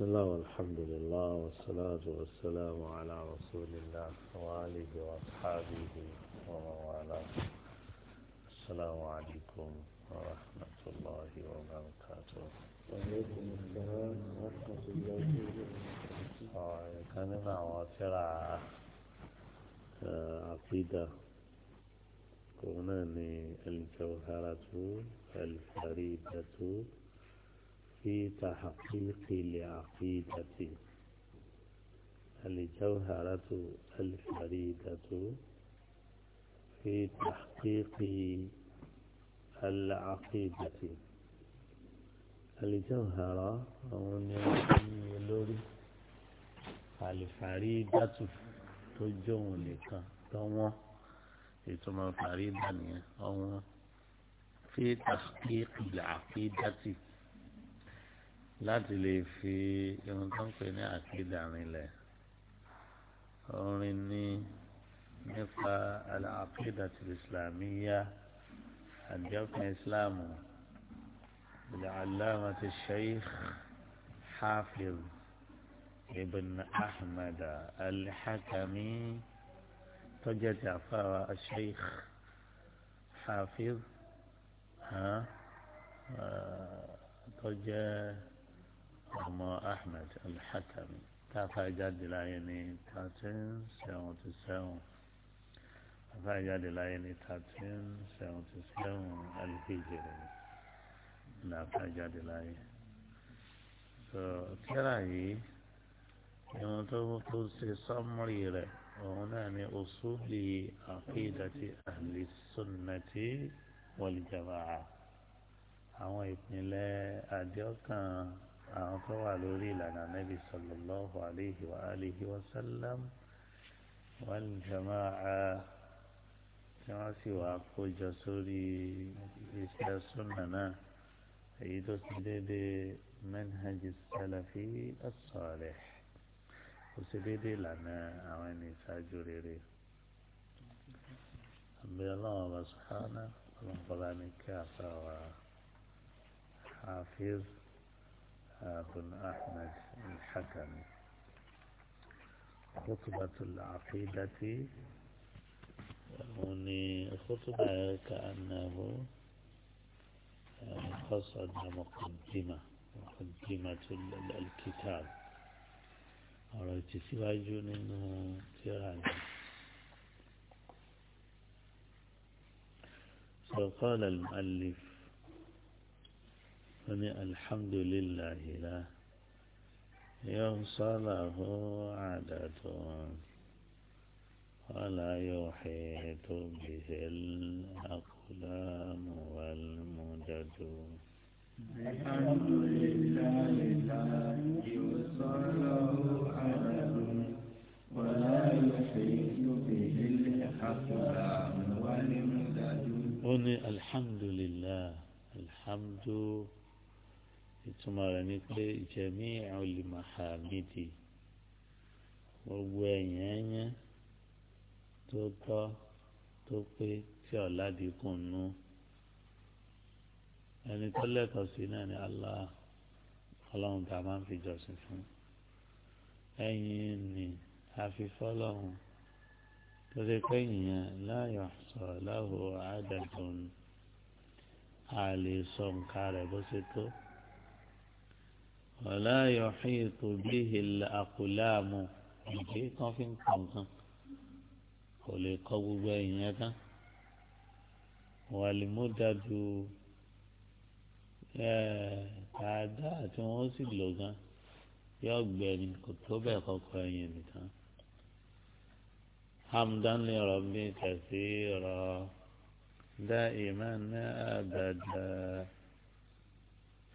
بسم الله والحمد لله والصلاة والسلام على رسول الله وآله وأصحابه ومن والاه السلام عليكم ورحمة الله وبركاته وعليكم السلام ورحمة الله وبركاته آه، كان مع عقيدة هنا الجوهرة الفريدة في تحقيق العقيدة الجوهرة الفريدة في تحقيق العقيدة الجوهرة الفريدة تجونك يتم في تحقيق العقيدة láti lè fi irun tó ń pè ní àkídà nílẹ̀ orin ní nípa àkídà tìlú islamiyya àdéhùn ìsìláàmù العلامة الشيخ حافظ ابن أحمد الحكمي تجد عفاوة الشيخ حافظ ها تجد ọmọ ahmed alḥakami táfàjáde láyé ní thirteen seventy seven táfàjáde láyé ní thirteen seventy seven alifijere láfàjáde láyé so kíra yìí ìwọ̀n tó tó ṣe sọ́mùrì rẹ̀ òun náà ni usuli àkídàtì ahli sunnati wal jamaa àwọn ìpínlẹ̀ àdéhùn kan. أعطوا علوري لنا نبي صلى الله عليه وآله وسلم والجماعة جماعة سوى أقو جسوري إسلا سننا إيدو سبب منهج السلفي الصالح وسبب لنا أعواني ساجوري ري أبي الله سبحانه اللهم فلانك أعطوا حافظ بن أحمد الحكم خطبة العقيدة هوني يعني خطبة كأنه قصد مقدمة مقدمة الكتاب أردت سواجون إنه تيراني فقال المؤلف فني الحمد لله لا يوصله عدد ولا يحيط به الأقلام والمدد الحمد لله لا يوصله عدد ولا يحيط به الأقلام والمدد فني الحمد لله الحمد لله ìtumọ̀ rẹ̀ ni pé ìjẹ̀mí olùmọ̀hàmídì gbogbo ẹ̀yìn ẹ̀yìn tó tọ́ tó pé tí ọ̀làdìkùn nù ẹni tó lẹ́tọ̀ọ́ sí náà ni Allah ọlọ́run tá a máa ń fi jọ́sìn fún ẹ̀yìn ni àfifọ́lọ́run tó ṣe pé yìnyín láyọ̀ sọ̀rọ̀ láhùn àádẹ́dùn a lè sọ nǹkan rẹ̀ bó ṣe tó ọ̀la yọ̀hìn ètò bíi ìlà àkùláàmù ìdí kan fi ń kàn kan kò lè kọ́ gbogbo ìyẹn tán wàlímúdàdù dáadáa tí wọ́n sì lò gan yọ gbẹ̀ni kò tó bẹ́ẹ̀ kọ́kọ́ ẹ̀yìn nìkan hamdan li rabbi kathira da'iman abada.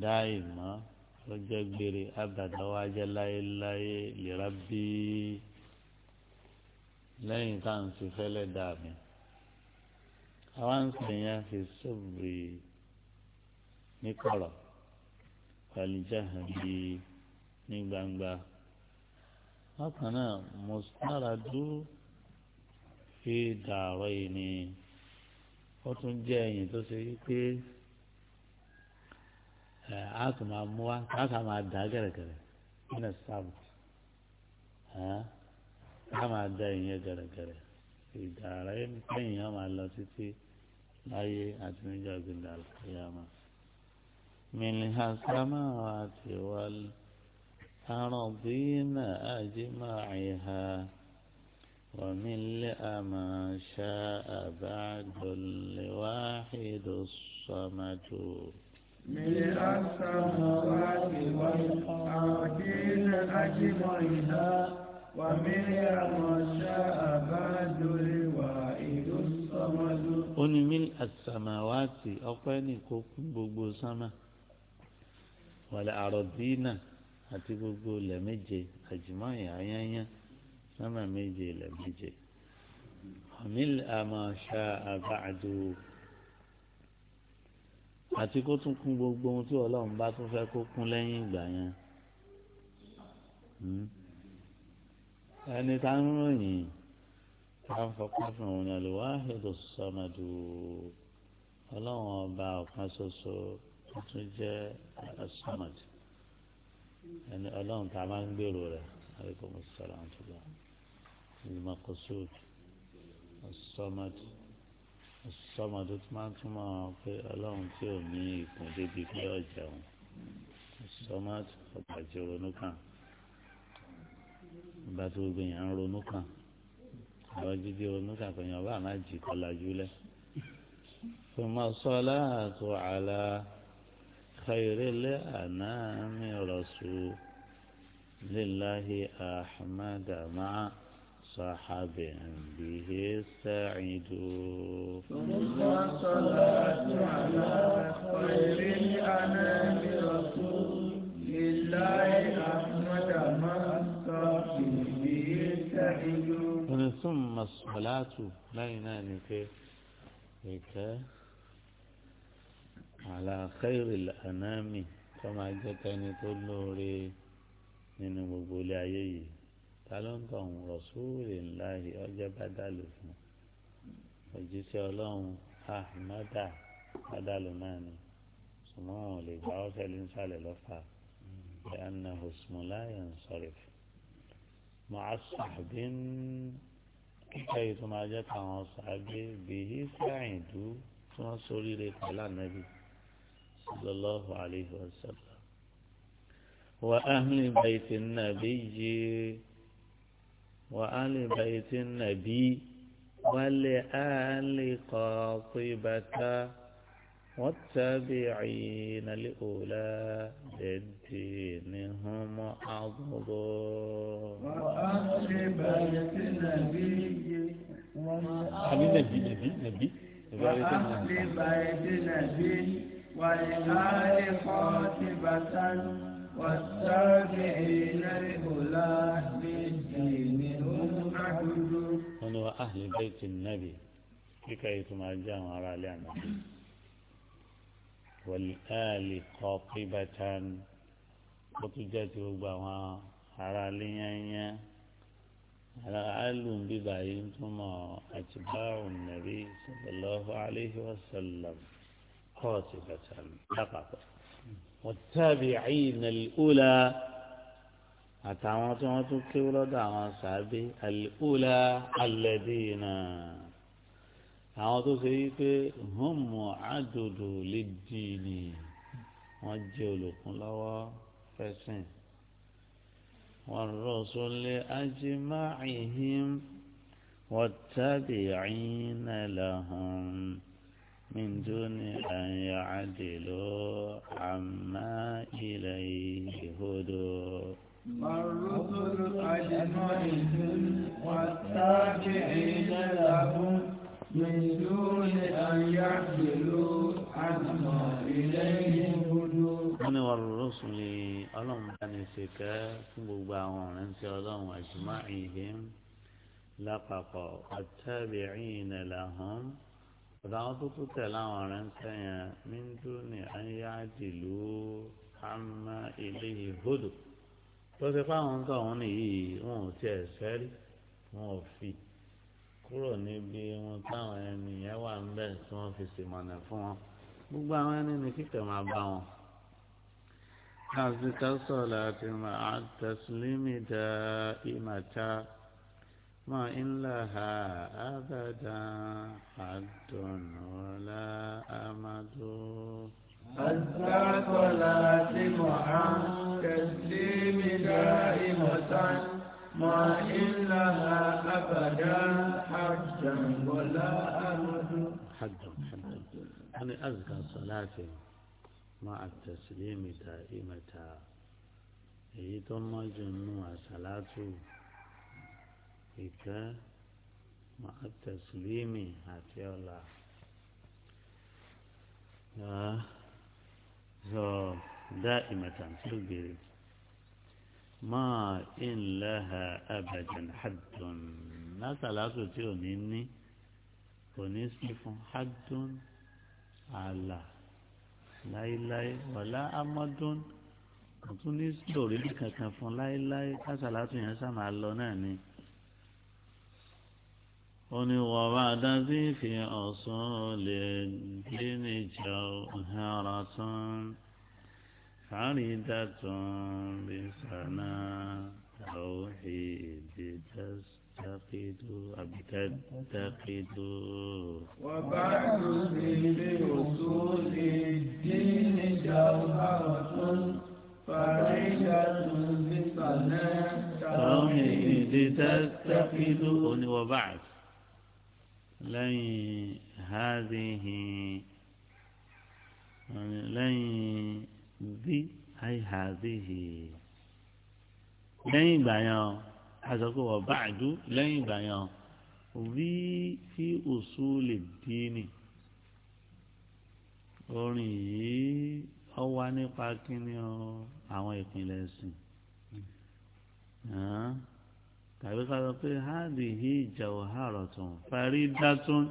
dáìmọ́ lọ́jọ́ gbére abàdáwọ́ ajẹ́ láéláé lera bíi lẹ́yìn tá à ń fi fẹ́lẹ́ dà mí àwa ń sìn yẹn fi fi dàrọ́ yìí ni ó tún jẹ́ ẹ̀yìn tó ṣe wípé. a tún máa mú wa a kà máa dà gẹ̀rẹ́gẹ̀rẹ́ nínú sábà a máa dà ìyẹn gẹ̀rẹ́gẹ̀rẹ́ ìdàrẹ́ lẹ́yìn yẹn máa lọ títí láyé àti níjọ́ gbìndà àlùkìyàmà. منها السماوات والأرضين أجمعها ومن لأما شاء بعد لواحد الصمد من السماوات والأرض أجمعها ومن ما شاء بعد الواحد الصمد ó ní mil asamawati ọpẹ́ ní kó gbogbo sánmà wàlẹ àròdínà àti gbogbo ilẹ̀ àjùmọyìn ayányán sánmà méje ilẹ̀ méje ọmíl ṣá àbáàdúró àti kó tún kún gbogbo ohun tí ọlọ́run bá tún fẹ́ kó kún lẹ́yìn ìgbà yẹn hmm. ẹni tá ń ròyìn tá ń fọpá fún òun ni al-Wāhidu as-Samadu ọlọ́run ọba ọ̀kan ṣoṣo tó jẹ́ as-Samad ẹni ọlọ́run tá a máa ń gbèrò rẹ̀ alaykum as-salam àtúbọ̀ al-Maqsūd as-Samad sọmọdé tó máa ń túmọ̀ pé ọlọ́run tí ò ní ìkùn débi pé ọ̀jà òun sọmọdé ọ̀bàjẹ́ ronú kàn ìgbà tó gbé yàn ń ronú kàn àwọn jíjí ronú kàn pé yàn bá má jì kọ́ lajú lẹ̀. ثم الصلاة على خير الأنام رسول لله أحمد معه صح به سعيد ثم الصلاة على خير الأنام رسول لله أحمد من به سعيد ثم الصلاة لا بينانك هيك على خير الأنام كما جتني تلوري من مبولعيه ta ló ń tọ̀hún rọ̀súùlì ńlá yìí ọjọ́ bá dàlù fún òjíṣẹ́ ọlọ́run ahmada bádàlù náà ni ṣùgbọ́n àwọn olè gbà ọ́ sẹ́lẹ̀ ń sàlẹ̀ lọ́fà ẹ̀ẹ́nà hùsùmùláyà ń sọ̀rọ̀ fún mọ́àṣàbín kíkẹ́ tó máa jẹ́ káwọn sàgbé bìhí sáyìndú tí wọ́n sórí rẹ̀ pẹ̀lú ànábì sallallahu alayhi wa sallam wa ahli bayti an وآل بيت النبي ولآل قاطبة والتابعين لأولى الدين هم أعظم وآل بيت النبي وآل نبي نبي وآل بيت النبي ولآل قاطبة والتابعين أهل بيت النبي لكي تماجعهم على لعنة والآل قاطبة وتجاتي وبوا على لعنة على أل ببعين ثم أتباع النبي صلى الله عليه وسلم قاطبة لقطة والتابعين الأولى àtàwọn tí wọ́n tún kéwú lọ́dọ̀ àwọn sàábé àlùkùlà alẹ́dínà àwọn tó ṣe yí pé hùmù àdòdò lè dìní wọ́n jẹ́ olùkún lọ́wọ́ fẹ́sìn wọ́n rọ̀ṣọ́lẹ̀ ajímáìhìn wọ́n tàbí àyínà làhùn min dúni àyà àdèlò àmà ilẹ̀ ìhòdò. oṣù yìí ọlọ́run bá ní ṣèkẹ́ fún gbogbo àwọn ọ̀rẹ́nsẹ́ ọlọ́run àjùmọ́ ìhìn lápapọ̀ ọ̀tẹ́bìrínà làhùn ọ̀dọ̀ àwọn tó tún tẹ̀lé àwọn ọ̀rẹ́nsẹ́ yẹn míńdú ní ayáàdìlú àmọ́ ilé ìhòdò tó ṣe fáwọn nǹkan ọ̀hún nìyí wọn ò tiẹ̀ sẹ́rí wọn ò fi kúrò níbi wọn táwọn ẹni yẹn wà ń bẹ̀ tí wọ́n fi ṣèmọ̀nà fún wọn gbogbo àwọn ẹni ní kíkẹ́ máa bá wọn. حفظك الصلاة مع التسليم دائمة ما إن لها أبدا حد ولا أمد حفظك الصلاة مع التسليم دائمة ما إن لها أبدا حد ولا أمد حد حد يعني أزكى صلاتي مع التسليم دائمة إيتما جنو أسلاتو إيكا مع التسليم هاتي الله so دائمة تلقي ما إن لها أبدا حد نسلاتو تيونيني ونسلف حد على láéláé wàlá amọ́dún kò tún ní lòrílì kankan fún láéláé kásálátù yẹn sàmà lọ náà ni. ó ní wọ́n bá dájú fi ọ̀sán lè gbé níjà ọ̀hánra tán fàrídà tán bí sànà àwòrán èdè dáṣà. تعقدوا أبي تعقدوا وبعد لأصول الدين جوهرة فريدة بصلاة توحيد تتخذون وبعد لن هذه لن ذي أي هذه لن بيان àsọkò ọba àdú lẹ́yìn ìgbà yẹn rí fi òṣù lè dí ni orin yìí ọ wá nípa kíni ọ àwọn ìpìlẹ̀ ẹ̀sìn tàbí ká sọ pé hádìhí ìjà òhàrọ̀ tó ń parí dátún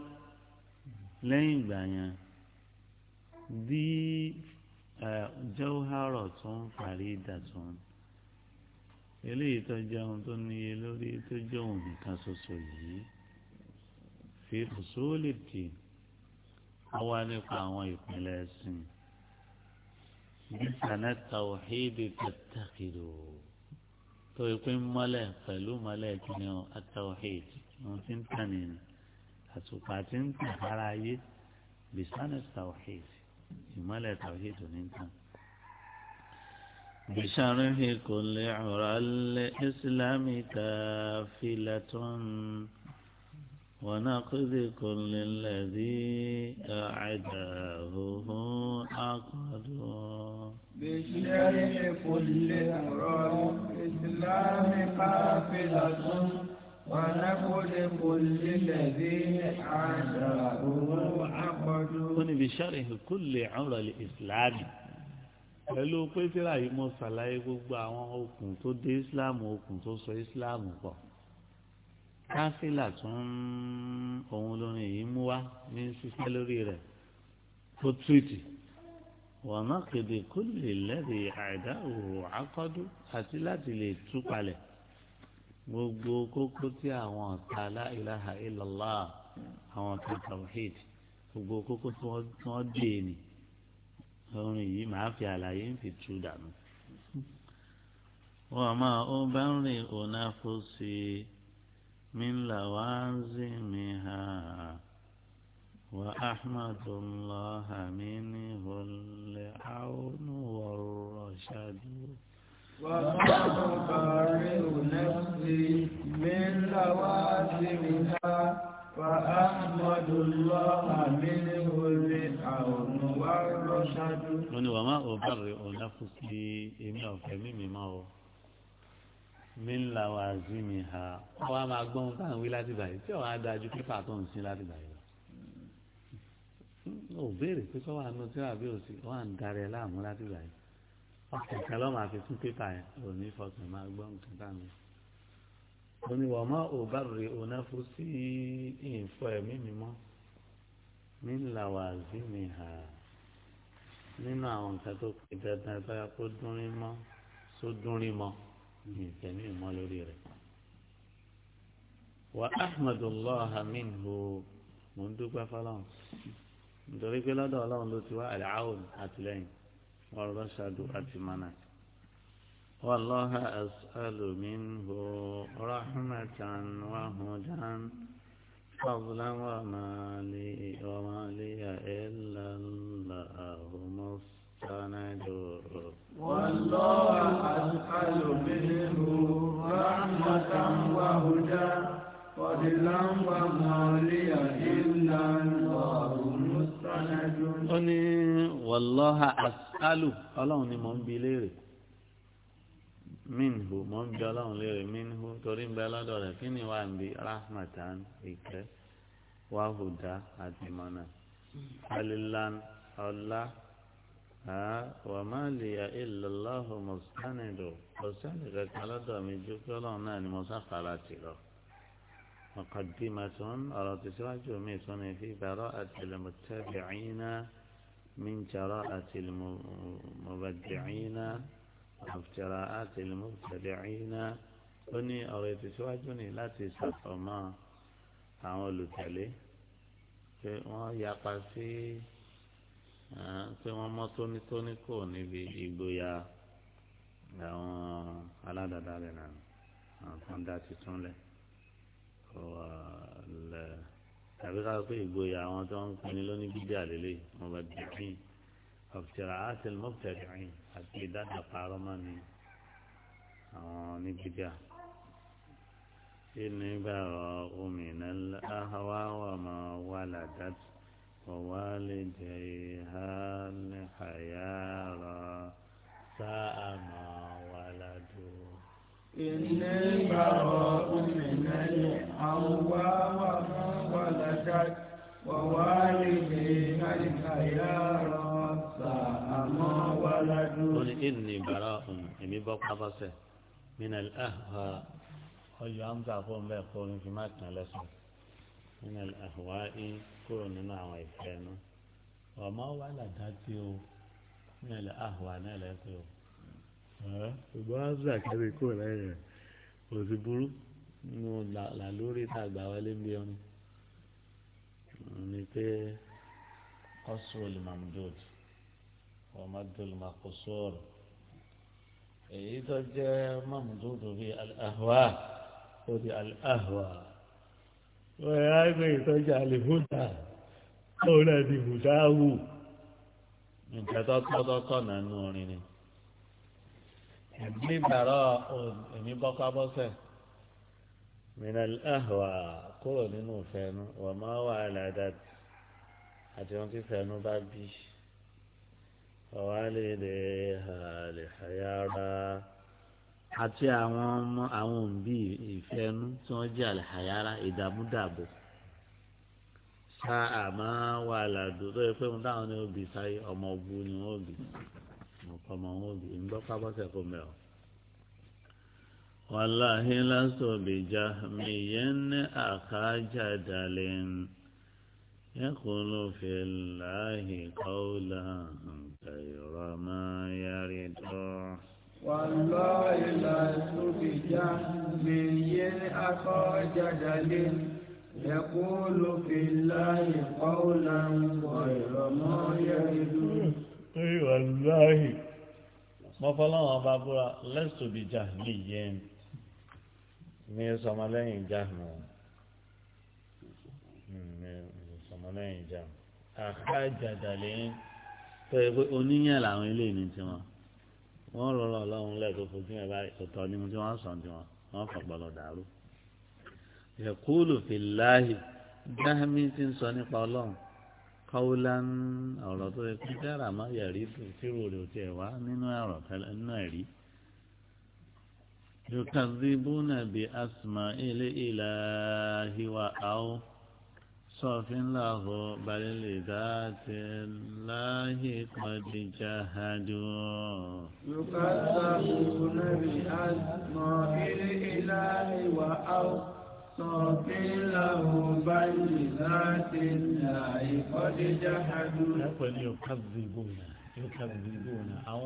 lẹ́yìn ìgbà bí jẹ́ òhàrọ̀ tó ń parí dátún eléyìí tó jẹ́ ohun tó níye lórí tó jẹ́ ohun nìkan ṣoṣo yìí fi fòsóòlì dì àwa nípa àwọn ìpínlẹ̀ ẹ̀sìn nísàlẹ̀ tàwọ̀hídì tàtàkìlò tó ìpín mọ́lẹ̀ pẹ̀lú mọ́lẹ̀ kìíní àtàwọ̀hídì wọn ti ń tàn nínú àtùpà ti ń tàn ara ayé bìsánẹ̀ tàwọ̀hídì ìmọ́lẹ̀ tàwọ̀hídì ò ní tàn. بشرح كل عرى الإسلام كافلة ونقض كل الذي أعداه أقد بشرح كل عرى الإسلام كافلة ونقض كل الذي أعداه أقد بشرح كل عرى الإسلام pẹ̀lú pé tíra yìí mo ṣàlàyé gbogbo àwọn okùn tó dé ìsìláàmù okùn tó sọ ìsìláàmù pọ̀ kánsílà tún òun lórin yìí mú wá ní ṣiṣẹ́ lórí rẹ̀ tó túwìtì wọn náà kéde kó lè lẹ́rì àìdá òwò akọ́dú àti láti lè tú palẹ̀ gbogbo kókó tí àwọn ọ̀tá la ilaha àwọn ọ̀tá tawhid gbogbo kókó tí wọ́n dé ni orin yìí màá fi àlàyé ń fi tú dànù. wọ́n máa ó bá ń rìn ònàfọ́sí mi ń là wá ń zì mí ha wà ahmadullah mi ní ìhòlẹ̀ àwọn ọ̀rọ̀ ṣáájú. وما أبرئ نفسي من لوازمها وأحمد الله من wọ́n ní wàá má ò bá rè ọ̀nà fún sí èmi ọ̀fẹ́ mímì má o mi ń la wàá sí mi ha ọwọ́ a máa gbọ́n táwọn wí láti báyìí tí ọ̀hún á dájú pépà tó ń sin láti báyìí lọ. ò béèrè pé sọ́wọ́ àánú tí wàá bí ò sí wọ́n à ń darẹ̀ láàmú láti báyìí ọ̀kẹ̀kẹ̀ lọ́mọ àfi tún pépà yẹn ò ní fọkàn máa gbọ́n nǹkan táwọn wọ́n ní wàá má ò bá rè ọ̀nà fún sí mi mọ́. من لوازمها nínú àwọn nǹkan tó pè dandan báyà kó dúnrín mọ́ só dúnrín mọ́ ní ìtẹ̀mí mọ́ lórí rẹ̀. wà ahmadullah minhu mò ń dúpẹ́ fọlọ́run nítorí pé lọ́dọ̀ ọlọ́run ló ti wá àlàáhùn àtìlẹ́yìn ọ̀rọ̀ ṣáàdù àti mánà. wàlọ́hà asálù minhu rahmatan wa hudan. فضلا وما لي وما لي إلا الله مستند والله أسأل منه رحمة وهدى فضلا وما لي إلا الله مستند ó ní والله أسأل ọlọ́run ni mò minhu mọ́ ń bí ọlọ́run léèrè minhu torí ń bẹ lọ́dọ̀ rẹ̀ kí ni wà ń bi rahmatan ìkẹ́ wàhùdá àti mọ́nà alilan ọlá wàmálì ilàláhùn mọ̀sánìdò ọ̀sánì kankan lọ́dọ̀ mi ju pé ọlọ́run náà ni mo sáfara tì lọ. مقدمة على تسواجه ميتون في براءة المتبعين من جراءة المبدعين افتراءات المبتدعين توني ní ọ̀rọ̀ لا síwájú ní láti ṣàfọ̀mọ́ àwọn olùtẹ̀lé pé wọ́n yapa sí pé wọ́n mọ́ tónítóní kò níbi ìgboyà àwọn aládàáda rẹ̀ náà àwọn tó ń dá titun lẹ̀ kò lẹ̀ tàbí ká pé ìgboyà àwọn tó ń pinni lónìí bídíà lélẹ̀ wọn bá dìbìn ọ̀fìtìrà àti mọ́fìtìrì àti ìdádàpárọ́ mọ́ ni àwọn onígbèjà inú ìbára omi náà ahawa wà máa wà ládàt wà lè jẹ ìhà ní àyàrá sáà máa wà ládù. inú ìbára omi náà ahawa wà máa wà ládàt wà lè jẹ ìhà ní àyàrá sáà máa ó ní ìní ìbára èmi bọ́ pápásẹ̀ mina ahwa ọyọ amza fún bẹ́ẹ̀ kó ní fi má tàn lẹ́sùn mina ahwa í kúrò nínú àwọn ìfẹ́ nu ọmọ wa làdá tí o mina ahwa náà lẹ́sẹ̀ o ṣùgbọ́n amza kẹ́mi kúrò lẹ́yìn rẹ̀ burú nínú làlórí tàgbà wọlé bí ọ̀run ni pé ọ̀sùn olùmọ̀mùdòdì. ومد المقصور إذا إيه جاء ممدود في الأهواء ودي الأهواء ويا أبي تجعل هدى أولادي هداه من كتاب مضاقا نانونيني ابني براء اني بقى بصه من الأهواء كل نوفين وما والدت حتى ينتفع نوبا بيش ọ̀wálélẹ̀ àlìhàyàrá àti àwọn ọmọ àwọn òbí ìfẹ́nu tí wọ́n jẹ́ àlìhàyàrá ìdààmúdàbò sa àmọ́ wà ládùú tó yẹ pé wọn táwọn ní òbí sáyé ọmọ ọbú ni wọn òbí ọmọ wọn òbí ń gbọ́ pápákẹ́ kó mẹ́rọ. wàláhí lásòbìjà mi yẹn ní àkájá dalẹ́ ń. يقول في الله قولا غير ما يرد والله لست بجهلي أخا جدل يقول في الله قولا غير ما يرد أي والله ما فلان بابا لست بجهلي من يسمى لين جهنم ọmọlẹ́yìn jẹun àkájàdàlẹ́ tó yẹ pé oníyàn làwọn eléyìí ní tiwọn wọ́n rọrọ ọlọ́run lẹ́ẹ̀kọ́ fojú ẹ̀ báyìí ọ̀tọ̀ ni mo ti wọ́n sàn tiwọn wọ́n fọ̀gbọ́lọ̀ dàrú. yẹ̀kúlù fìláhì dáhàmí ti ń sọ nípa ọlọ́run kọ́wúlán ọ̀rọ̀ tó yẹ kí dára má yẹ̀rí tìrò rè tiẹ̀ wá nínú ẹ̀rọ tẹ́lẹ̀ nínú ẹ̀rí. zibúnà bíi asùnmọ̀ ilé ìlàhíwá àwọn. صرف له بل لذات الله قد جهدوا يكذبون بأسماء الإله وأوصاف له بل لذات الله قد جهدوا يقول يكذبون يكذبون أو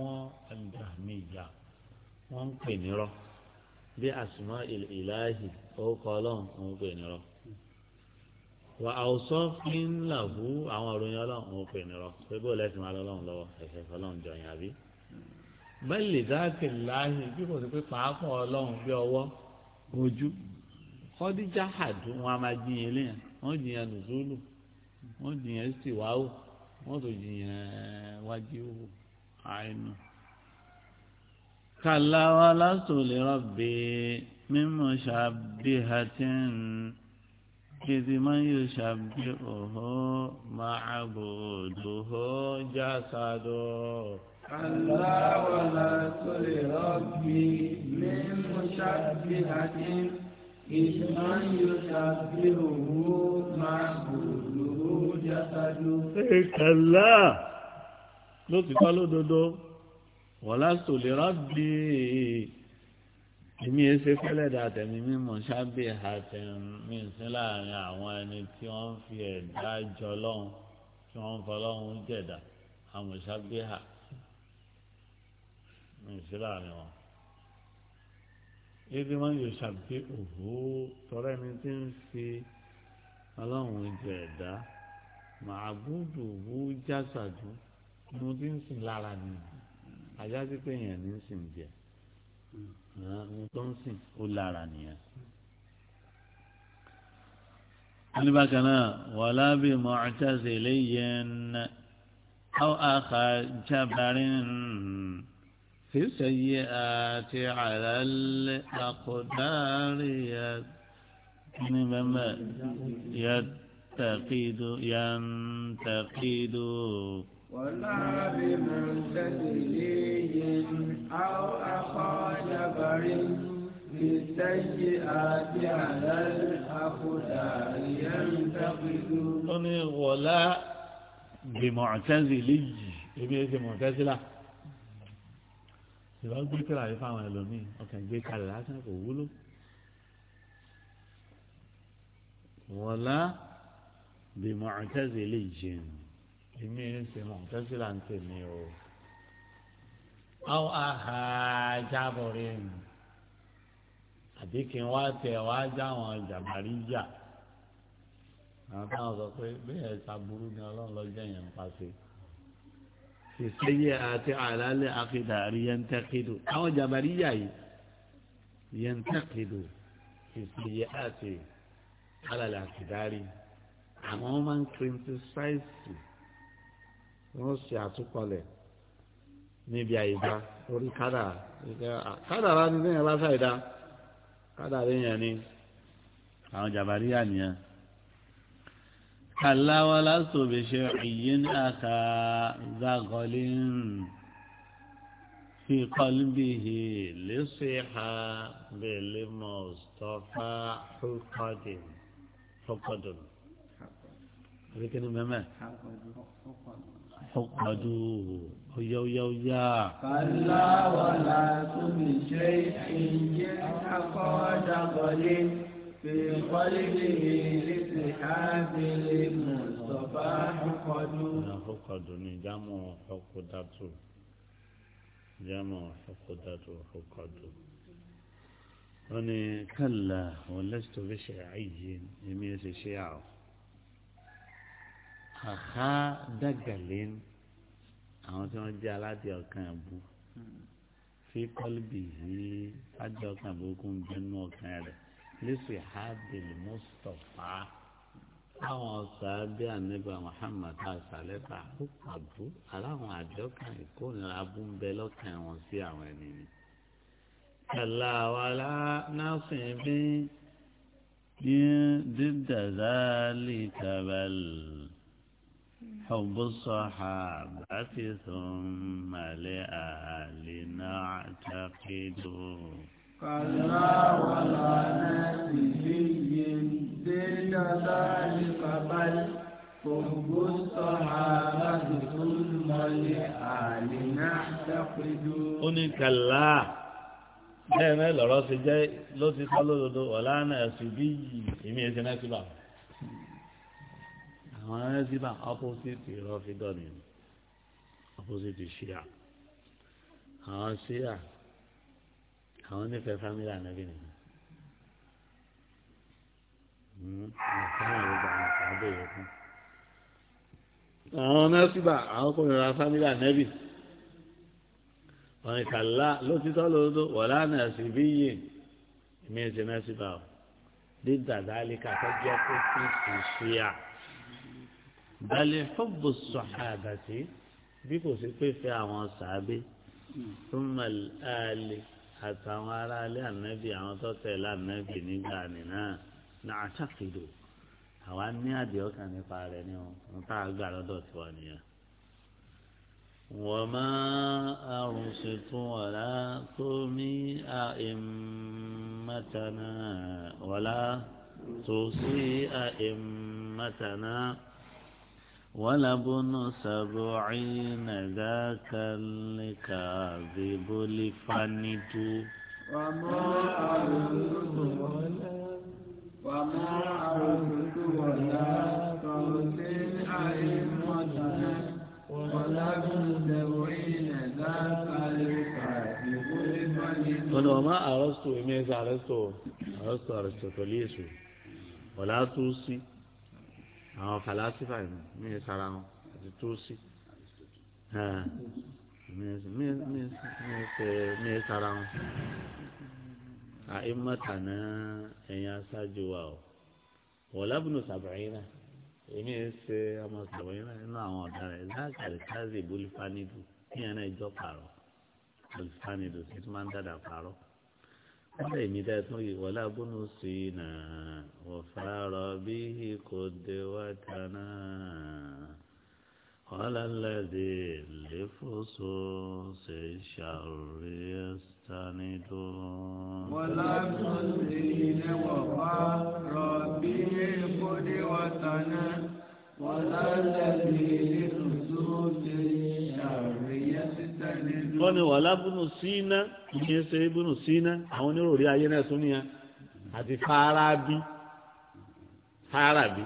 الجهمية wọ́n بأسماء الإله nírọ́ bí àsùnmọ́ wà àwòsàn fi ń là bú àwọn òròyìn ọlọ́run òpè nìrọ̀ pé bó lẹ́sìn máa lọ́lọ́run lọ́wọ́ ẹ̀fẹ́ fọlọ́run jọyìn àbí. bẹ́ẹ̀ lè dáàtì láàyè bí kò sí pé pàápàá ọlọ́run bí ọwọ́ ojú kọ́díjà àdó wọn a máa jiyàn léyìn wọ́n jiyàn nùzúlù wọ́n jiyàn sìwáwò wọ́n tó jiyàn wájú àìnù. kàlà wa lásòlè rọ̀ bèè mímú ṣàbíhàtìn. إذ من يشبهه معبوده جسده الله ولا لربي من مشبهة إذ من يشبهه معبوده جسده كلا لو تقالوا دودو ولست لربي èmi yẹn ṣe fẹ́lẹ̀ dàtẹ̀ mi mímọ̀ ṣáàbì àtẹ̀ mi sí láàrin àwọn ẹni tí wọ́n fi ẹ̀dá jọ lọ́hùn tí wọ́n fọlọ́hùn jẹ̀dá àmọ̀ ṣáàbì hà mi sí láàrin wọn. ebi wọn yóò ṣàbí òhó tọrọ ẹni tí ń fi ọlọ́hùn jẹ̀dá màá búdù wú jásàdú mo ti ń sìn lára nìyí ajá sí pé èèyàn ní sìn jẹ́. ohun tó ń sìn ó lára nìyẹn. wọ́n ní bákan náà wà lábì mu'tazili yẹn aw akha jabarin fi sayyi'ati 'ala al-aqdari ní bẹ́ẹ̀ yẹn tẹ̀kídó yẹn tẹ̀kídó. ولا بمعتدلي أو أخرج بري بالسيئات على الأقدار ينتقد ولا بمعتزلي ebi ẹsẹ mọtẹsílà ìbá gbé kíra yìí fáwọn ẹlòmíì ọkàn gbé kalẹ̀ lásán kò wúlò wọlá bímọ àtẹsílẹ jẹun èmi ẹ ṣe mọ tẹsí là ń tèmi o àwọn àhà jábọrẹ nù àbí kí n wá tẹ wá já àwọn jàbárí jà àwọn táwọn sọ pé bẹ́ẹ̀ ṣàbúrú ni ọlọ́run lọ́jọ́ yẹn ń pàṣẹ ìṣẹ́yẹ àti àlàálẹ̀ àkìdàrí yẹn ń tẹ́kìdò àwọn jàbárí jà yìí yẹn ń tẹ́kìdò ìṣẹ́yẹ àti àlàálẹ̀ àkìdàrí àwọn máa ń criticize wọ́n ṣe àtúpalẹ̀ níbi àyíká orí kádàrá kádàrá ni lẹ́yìn bá ṣàìdá kádàrá yẹn ni àwọn jàbárí àníyàn. كلا ولست بشيعي أخا ذغل في قلبه لصحا بالمصطفى حقد حقد لكن مما حقد فاقعدوا ويا ويا ويا كلا ولا تبي شيء حقاد قليل في قلبه لسحاب المصطفى حقد حقد جمع حقدات جمع حقدات حقد أنا كلا ولست بشيعي يميز شيعه àhá dàgàlẹ́ àwọn tí wọ́n jẹ́ aládìẹ ọkàn ẹ̀bù fi kọ́lbì yìí ádìẹ ọkàn ẹ̀bù kún bẹ́nu ọkàn rẹ̀ lẹ́sìn hábìlì mustapha àwọn sàábẹ́ ànábà muhammad asàlẹ́fà àbú aláwọn àjọkàn ìkórìíra abúmbẹ lọ́kàn wọn sí àwọn ènìyàn. kàlà wàlá náfẹ̀ bí ní dídàzálì kàbàlì. حب الصحابة ثم لأهل نعتقد كلا ولا نسي دل ذلك بل حب الصحابة ثم لأهل نعتقد قل كلا bẹ́ẹ̀ mẹ́lọ̀rọ̀ ti jẹ́ ló ti sọ́ lódodo ọ̀lànà ẹ̀sùn àwọn ẹ̀ẹ́dìbà ọ́pọ́sìtì rọ́fídọ̀ ni ọ́pọ́sìtì ṣíà àwọn ṣíà àwọn nífẹ̀ẹ́ fámílì hmm, ànábì ni àwọn nẹ́sìbà àwọn kò nira fámílì ànábì wọn ìkàlá ló ti tọ́ lóòótọ́ wọ̀lá nẹ̀sì bí yìí èmi ẹ̀ ṣe nẹ́sìbà o dídà dálíkà tó jẹ́ kí n ṣe ṣíà balẹ̀ fọ́bù sọ̀hábà sí bí kò sí pé fẹ́ àwọn sàábé túmọ̀ àlè àtàwọn aráalé ànábì àwọn tó tẹ̀lé ànábì nígbà nínà náà ṣàkìlò àwa ní àdìọ́ kan nípa rẹ̀ ni wọn tá a gbà lọ́dọ̀ tiwa nìyẹn. وما أرسلت ولا تمي أئمتنا ولا توصي أئمتنا ولبن سبعين ذاك الكاذب لفنت وما أردت ولا وما أردت ولا قول أئمتنا ولبن سبعين ذاك الكاذب لفنت ما أردت إميز أردت أردت أرستو فليسو ولا توصي àwọn falasifa yìí mí ẹ sara wọn àti tóòsì mí ẹ sara wọn àìmọ̀tànà ẹ̀yìn aṣáájú wa o wọ̀lábùnú sàbẹ̀yìn náà èmi ẹ ṣe ọmọ sàbẹ̀yìn náà nínú àwọn ọ̀daràn ìzáàkàrí káàzì ìbólífánídù kí ẹ̀ náà ìjọ pààrọ̀ ìbólífánídù sí tí ń dàdà pààrọ̀ nígbà èmi dá tún ìwọ lábúnú sí i nà ọ̀fàrọ̀ bí kò dé wá kaná ọ̀làlẹ́dẹ̀ lẹ́fọ́sọ ṣe ṣàròrí ẹ̀sánidó. wọlá tún sí ilé wọ̀fà rọ̀ bí kò dé wá kaná ọ̀làlẹ́dẹ̀ lẹ́fọ́sọ ṣe ṣàròrí wọ́n ní wàhálà bùnú síná ìyẹn ṣe bùnú síná àwọn onírúurú ayé náà tún nìyẹn àti fárábí fárábí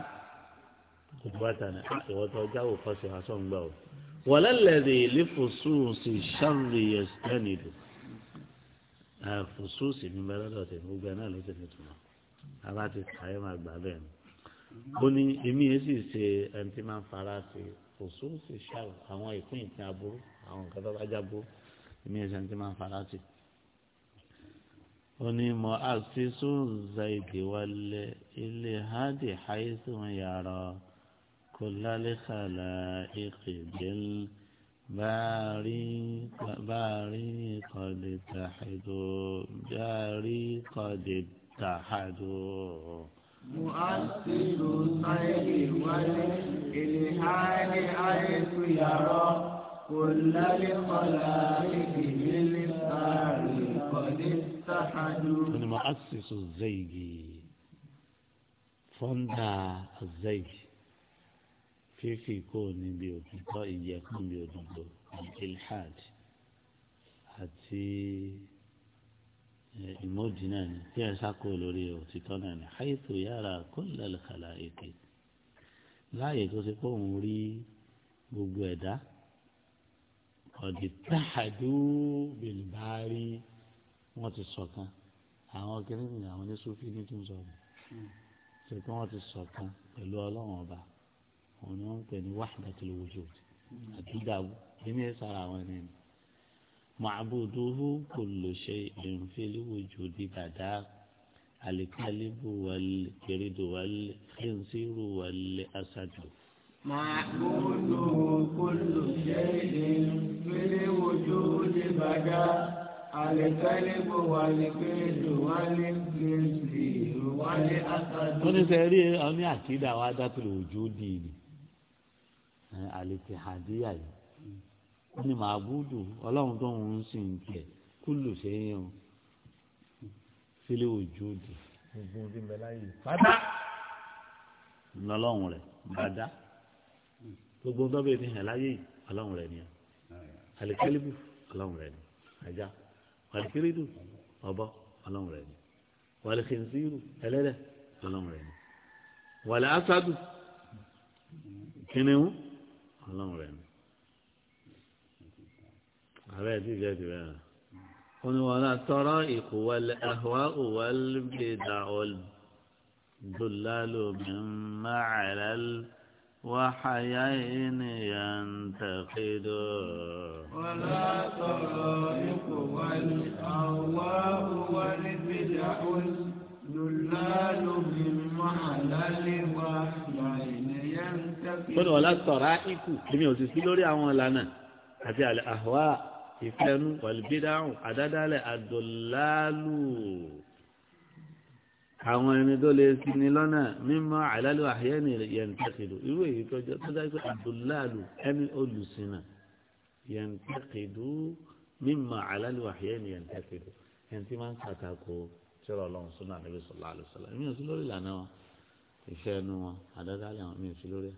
kùbátà ní ìwọ́tọ̀ jáwò fọ́sẹ̀ asọ́n gbà ó wàhálà lẹ́dí ilé fòsúùsì ẹ̀sìtẹ́nìdò fòsúùsì ní bẹ́ẹ̀ lọ́dọ̀ tẹ̀ gbogbo ẹ̀ náà ló tẹ̀lé tuma a bá ti kàyé máa gbà bẹ́ẹ̀ ni ó ní èmi yẹn sì ṣe ẹni tí máa fara ṣe òṣùlù ti ṣàrò àwọn ìpín ìpín aburú àwọn nǹkan tó bá jábó èmi ẹ̀sẹ̀ ti máa ń fara tì. onímọ̀ àfisù zaidi wálé ilé hádì háísì wọn yàrá kò lálẹ́ kàlà ìkìbìl báàrí kọ́dé tàhídó báàrí kọ́dé tàhádó. مؤثر الخير والخير بالحال عرف يرى كل لخلائق بالمثال قد اتحدوا أنا مؤسس الزيجي فندى الزيج في في كون بيو قائد يكون بيو الحاج حتي الموجنان في عساق ولوريو تيتونان حيث يرى كل الخلائق láàyè tó ṣe pé òun rí gbogbo ẹ̀dá ọ̀dì táàdú bèlùbárí wọ́n ti ṣọ̀kan àwọn kìnìún àwọn oníṣòfì ní tó ń sọ̀rọ̀ ṣe pé wọ́n ti ṣọ̀kan pẹ̀lú ọlọ́run ọba òun ni wọ́n ń pè ní wahdatul wujud àdúgbàbù nínú ẹ̀ sára àwọn ẹni ni ma'buduhu kullu shay'in fil wujudi bàdá alikalibu walikiridu walikinsiru waliasadu. معقوله كل شيء في الوجود بدا الكلب والكيد والكنسير والأسد. wọ́n ní sẹ́yìn rí ọmí àkídà wa dátìlì ojú dì ní àlèkè àdéhà yìí wọ́n ní màá búdù ọlọ́run tó ń sìn kẹ̀ kúlù sẹ́yìn o sílẹ̀ òjò òdì gbogbo ohun tí ń bẹ láyé bàdá ńlọlọ́run rẹ̀ bàdá gbogbo ohun tó bẹ fi hàn láyé yìí ọlọ́run rẹ̀ nìyẹn alikẹ́lẹ́bù ọlọ́run rẹ̀ ni ajá alikẹ́lẹ́dù ọ̀bọ ọlọ́run rẹ̀ ni wàlẹ́kẹ̀nsíìrù ẹlẹ́dẹ̀ ọlọ́run rẹ̀ ni wàlẹ́ asádù kìnìún ọlọ́run rẹ̀ ni ààrẹ ti jẹ́ ti rẹ̀ hàn. ولا ترائق والأهواء والبدع الضلال مما على الوحيين ينتقد ولا الطرائق والأهواء والبدع الضلال مما على الوحيين ينتقد ولا الطرائق لم يوزي سيلوري عوالانا هذه الأهواء ìfẹ́nu wàlùbídáhùn àdádálẹ̀ àdọ̀láàlù àwọn ẹni tó lè fi ni lọ́nà mímọ́ àlálù àyẹ́nì yẹ̀ǹtẹ́kìdù irú èyí tọ́jọ́ tó dájú pé àdọ̀láàlù ẹni olùsìnà yẹ̀ǹtẹ́kìdù mímọ́ àlálù àyẹ́nì yẹ̀ǹtẹ́kìdù ẹni tí máa ń kàtàkó tíọ́rọ̀ ọlọ́run sọ́nà àdébísọ̀lá àlùsọ̀lá ìmí ò sí lórí ìlànà wọn ìfẹ́nu wọn àdádálẹ̀ wọn ìmí ò sí lórí ẹ̀